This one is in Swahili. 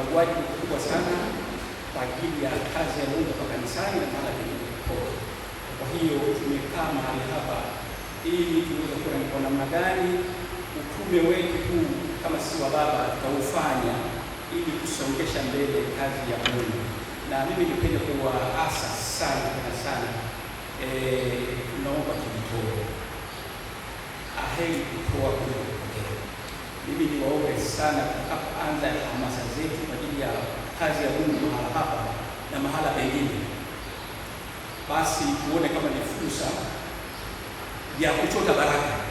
kuna wajibu mkubwa sana kwa ajili ya kazi ya Mungu kwa kanisani na mahala pengine popote. Kwa hiyo tumekaa mahali hapa ili tuweze kuona ni kwa namna gani utume wetu huu kama si wa baba tutaufanya ili kusongesha mbele kazi ya Mungu, na mimi nipende hasa sana tena sana e, eh, naomba tujitoe, aheri kutoa kuliko mimi waombe sana tutakapoanza hamasa zetu kwa ajili ya kazi ya Mungu mahala hapa na mahala pengine, basi tuone kama ni fursa ya kuchota baraka